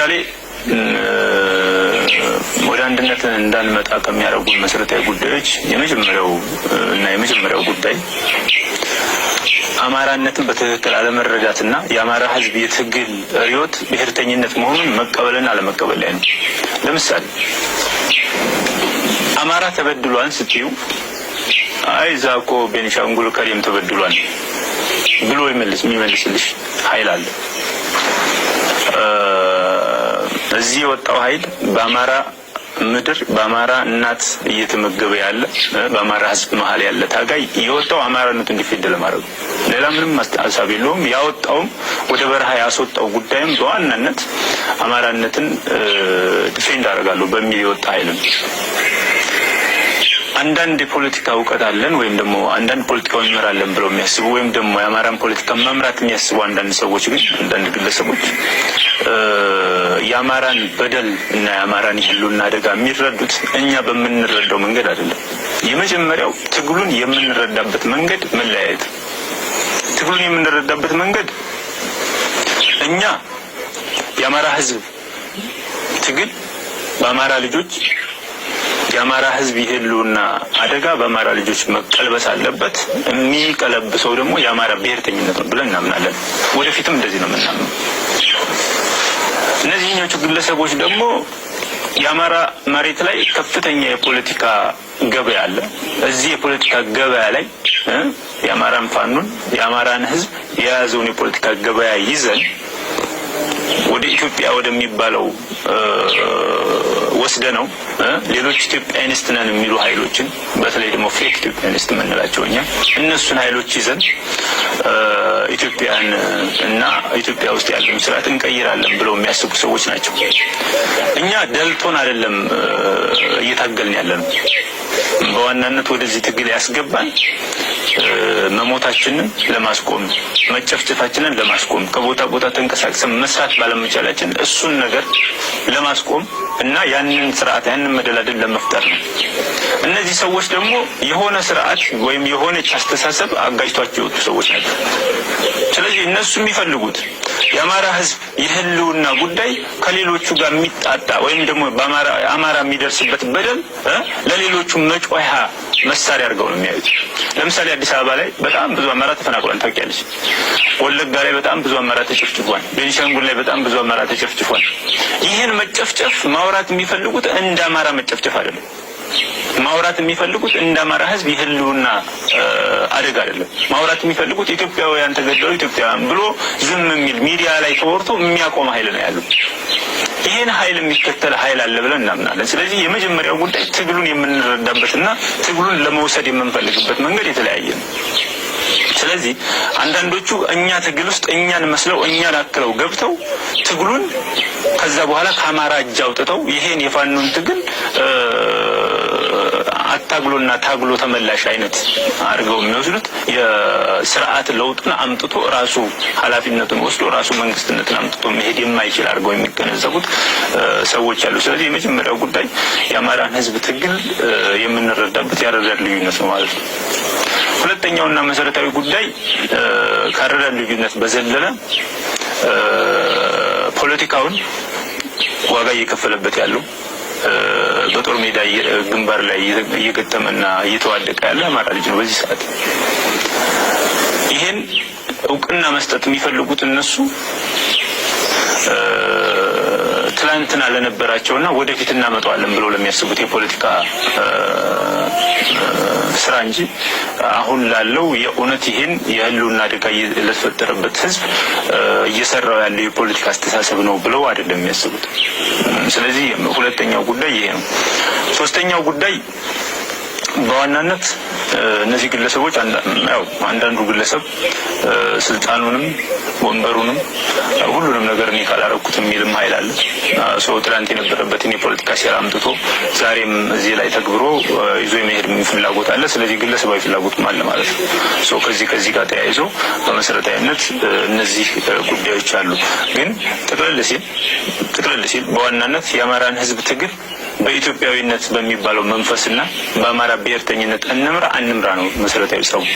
ለምሳሌ ወደ አንድነት እንዳንመጣ ከሚያደርጉን መሰረታዊ ጉዳዮች የመጀመሪያው እና የመጀመሪያው ጉዳይ አማራነትን በትክክል አለመረዳትና የአማራ ሕዝብ የትግል ርዕዮት ብሔርተኝነት መሆኑን መቀበልን አለመቀበል ላይ ነው። ለምሳሌ አማራ ተበድሏን ስትዩ አይ እዛ እኮ ቤንሻንጉል ከሪም ተበድሏን ብሎ የሚመልስልሽ ኃይል አለ። በዚህ የወጣው ኃይል በአማራ ምድር በአማራ እናት እየተመገበ ያለ በአማራ ሕዝብ መሀል ያለ ታጋይ የወጣው አማራነቱ እንዲፌድ ለማድረግ ሌላ ምንም ሀሳብ የለውም። ያወጣውም ወደ በረሃ ያስወጣው ጉዳይም በዋናነት አማራነትን ዲፌንድ አደርጋለሁ በሚል የወጣ ኃይል ነው። አንዳንድ የፖለቲካ እውቀት አለን ወይም ደግሞ አንዳንድ ፖለቲካው እንመራለን ብለው የሚያስቡ ወይም ደግሞ የአማራን ፖለቲካ መምራት የሚያስቡ አንዳንድ ሰዎች ግን አንዳንድ ግለሰቦች የአማራን በደል እና የአማራን የህልውና አደጋ የሚረዱት እኛ በምንረዳው መንገድ አይደለም። የመጀመሪያው ትግሉን የምንረዳበት መንገድ መለያየት። ትግሉን የምንረዳበት መንገድ እኛ የአማራ ህዝብ ትግል በአማራ ልጆች የአማራ ህዝብ የህልውና አደጋ በአማራ ልጆች መቀልበስ አለበት። የሚቀለብሰው ደግሞ የአማራ ብሔርተኝነት ነው ብለን እናምናለን። ወደፊትም እንደዚህ ነው የምናምነው። እነዚህኞቹ ግለሰቦች ደግሞ የአማራ መሬት ላይ ከፍተኛ የፖለቲካ ገበያ አለ። እዚህ የፖለቲካ ገበያ ላይ የአማራን ፋኑን የአማራን ህዝብ የያዘውን የፖለቲካ ገበያ ይዘን ወደ ኢትዮጵያ ወደሚባለው ወስደ ነው ሌሎች ኢትዮጵያኒስት ነን የሚሉ ሀይሎችን በተለይ ደግሞ ፌክ ኢትዮጵያኒስት የምንላቸው እኛ እነሱን ሀይሎች ይዘን ኢትዮጵያን እና ኢትዮጵያ ውስጥ ያለውን ስርዓት እንቀይራለን ብለው የሚያስቡ ሰዎች ናቸው። እኛ ደልቶን አይደለም እየታገልን ያለ ነው። በዋናነት ወደዚህ ትግል ያስገባን መሞታችንን ለማስቆም መጨፍጨፋችንን ለማስቆም ከቦታ ቦታ ተንቀሳቅሰን መስራት ባለመቻላችን እሱን ነገር ለማስቆም እና ያንን ስርዓት ያንን መደላደል ለመፍጠር ነው። እነዚህ ሰዎች ደግሞ የሆነ ስርዓት ወይም የሆነች አስተሳሰብ አጋጅቷቸው የወጡ ሰዎች ናቸው። ስለዚህ እነሱ የሚፈልጉት የአማራ ህዝብ የህልውና ጉዳይ ከሌሎቹ ጋር የሚጣጣ ወይም ደግሞ አማራ የሚደርስበት በደል ለሌሎቹ መጮያ መሳሪያ አድርገው ነው የሚያዩት። ለምሳሌ አዲስ አበባ ላይ በጣም ብዙ አማራ ተፈናቅሏል፣ ታውቂያለሽ። ወለጋ ላይ በጣም ብዙ አማራ ተጨፍጭፏል። ቤኒሻንጉል ላይ በጣም ብዙ አማራ ተጨፍጭፏል። ይህን መጨፍጨፍ ማውራት የሚፈልጉት እንደ አማራ መጨፍጨፍ አይደለም። ማውራት የሚፈልጉት እንደ አማራ ህዝብ የህልውና አደጋ አይደለም። ማውራት የሚፈልጉት ኢትዮጵያውያን ተገደሉ፣ ኢትዮጵያውያን ብሎ ዝም የሚል ሚዲያ ላይ ተወርቶ የሚያቆም ኃይል ነው ያሉ ይህን ኃይል የሚከተል ኃይል አለ ብለን እናምናለን። ስለዚህ የመጀመሪያው ጉዳይ ትግሉን የምንረዳበትና ትግሉን ለመውሰድ የምንፈልግበት መንገድ የተለያየ ነው። ስለዚህ አንዳንዶቹ እኛ ትግል ውስጥ እኛን መስለው እኛን አክለው ገብተው ትግሉን ከዛ በኋላ ከአማራ እጅ አውጥተው ይሄን የፋኖን ትግል አታግሎና ታግሎ ተመላሽ አይነት አድርገው የሚወስዱት የስርዓት ለውጥን አምጥቶ ራሱ ኃላፊነቱን ወስዶ ራሱ መንግስትነትን አምጥቶ መሄድ የማይችል አድርገው የሚገነዘቡት ሰዎች አሉ። ስለዚህ የመጀመሪያው ጉዳይ የአማራን ህዝብ ትግል የምንረዳበት ያረዳድ ልዩነት ነው ማለት ነው። ሁለተኛውና መሰረታዊ ጉዳይ ከአረዳድ ልዩነት በዘለለ ፖለቲካውን ዋጋ እየከፈለበት ያለው በጦር ሜዳ ግንባር ላይ እየገጠመና እየተዋደቀ ያለ አማራ ልጅ ነው በዚህ ሰዓት። ይሄን እውቅና መስጠት የሚፈልጉት እነሱ ትላንትና ለነበራቸውና ወደፊት እናመጣዋለን ብሎ ለሚያስቡት የፖለቲካ ስራ እንጂ አሁን ላለው የእውነት ይህን የህልውና አደጋ ለተፈጠረበት ህዝብ እየሰራው ያለው የፖለቲካ አስተሳሰብ ነው ብለው አይደለም የሚያስቡት። ስለዚህ ሁለተኛው ጉዳይ ይሄ ነው። ሶስተኛው ጉዳይ በዋናነት እነዚህ ግለሰቦች አንዳንዱ ግለሰብ ስልጣኑንም ወንበሩንም ሁሉንም ነገር እኔ ካላረኩት የሚልም ኃይል አለ። ሰው ትላንት የነበረበትን የፖለቲካ ሴራ አምጥቶ ዛሬም እዚህ ላይ ተግብሮ ይዞ የመሄድ ፍላጎት አለ። ስለዚህ ግለሰባዊ ፍላጎትም አለ ማለት ነው። ከዚህ ከዚህ ጋር ተያይዞ በመሰረታዊነት እነዚህ ጉዳዮች አሉ። ግን ጥቅልል ሲል ጥቅልል ሲል በዋናነት የአማራን ህዝብ ትግል በኢትዮጵያዊነት በሚባለው መንፈስና በአማራ ብሔርተኝነት እንምራ አንምራ ነው መሰረታዊ ጸቡ።